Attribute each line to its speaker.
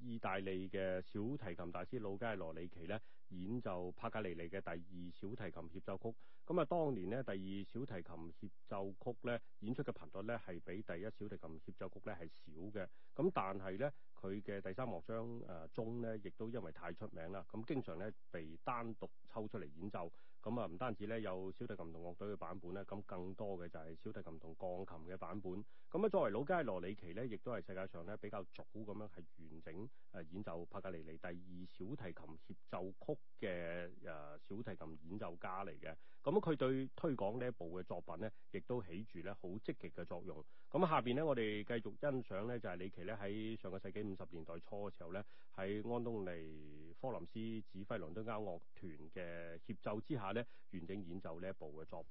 Speaker 1: 意大利嘅小提琴大師老吉·羅里奇咧演奏帕格尼尼嘅第二小提琴協奏曲。咁、嗯、啊，當年咧第二小提琴協奏曲咧演出嘅頻率咧係比第一小提琴協奏曲咧係少嘅。咁、嗯、但係咧佢嘅第三樂章誒鍾咧，亦都因為太出名啦，咁、嗯、經常咧被單獨抽出嚟演奏。咁啊，唔單止咧有小提琴同樂隊嘅版本咧，咁更多嘅就係小提琴同鋼琴嘅版本。咁啊，作為老街羅里奇咧，亦都係世界上咧比較早咁樣係完整誒演奏帕格尼尼第二小提琴協奏曲嘅誒小提琴演奏家嚟嘅。咁啊，佢對推廣呢一部嘅作品咧，亦都起住咧好積極嘅作用。咁下邊咧，我哋繼續欣賞咧，就係李奇咧喺上個世紀五十年代初嘅時候咧，喺安東尼科林斯指揮倫敦交樂團嘅協奏之下。完整演奏呢一部嘅作品。